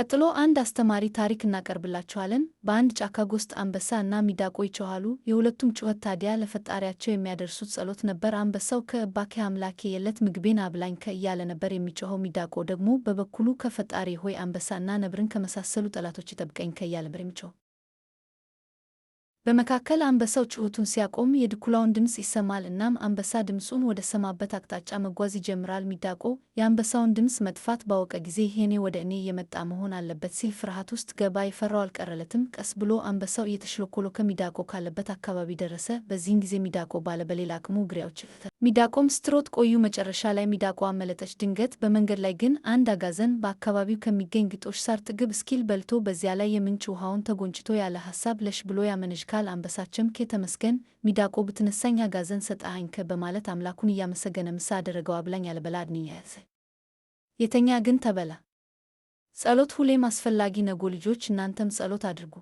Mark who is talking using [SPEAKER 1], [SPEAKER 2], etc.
[SPEAKER 1] ቀጥሎ አንድ አስተማሪ ታሪክ እናቀርብላችኋለን። በአንድ ጫካ ውስጥ አንበሳ እና ሚዳቆ ይጮኻሉ። የሁለቱም ጩኸት ታዲያ ለፈጣሪያቸው የሚያደርሱት ጸሎት ነበር። አንበሳው ከእባኬ አምላኬ የዕለት ምግቤን አብላኝ እያለ ነበር የሚጮኸው። ሚዳቆ ደግሞ በበኩሉ ከፈጣሪ ሆይ አንበሳና ነብርን ከመሳሰሉ ጠላቶች ይጠብቀኝ እያለ ነበር የሚጮኸው። በመካከል አንበሳው ጩኸቱን ሲያቆም የድኩላውን ድምፅ ይሰማል። እናም አንበሳ ድምፁን ወደ ሰማበት አቅጣጫ መጓዝ ይጀምራል። ሚዳቆ የአንበሳውን ድምፅ መጥፋት ባወቀ ጊዜ ይሄኔ ወደ እኔ የመጣ መሆን አለበት ሲል ፍርሃት ውስጥ ገባ። የፈራው አልቀረለትም። ቀስ ብሎ አንበሳው እየተሽለኮሎ ከሚዳቆ ካለበት አካባቢ ደረሰ። በዚህን ጊዜ ሚዳቆ ባለ በሌላ አቅሙ እግሪያዎች ሚዳቆም ስትሮት ቆዩ። መጨረሻ ላይ ሚዳቆ አመለጠች። ድንገት በመንገድ ላይ ግን አንድ አጋዘን በአካባቢው ከሚገኝ ግጦሽ ሳር ጥግብ እስኪል በልቶ በዚያ ላይ የምንጭ ውሃውን ተጎንጭቶ ያለ ሀሳብ ለሽ ብሎ ያመነዥካል። አካል አንበሳችም ኬ ተመስገን ሚዳቆ ብትነሳኝ አጋዘን ሰጠሃኝ ከ በማለት አምላኩን እያመሰገነ ምሳ አደረገው። አብላኝ አልበላ አድንኝ የተኛ ግን ተበላ። ጸሎት ሁሌም አስፈላጊ ነጎ ልጆች እናንተም ጸሎት አድርጉ።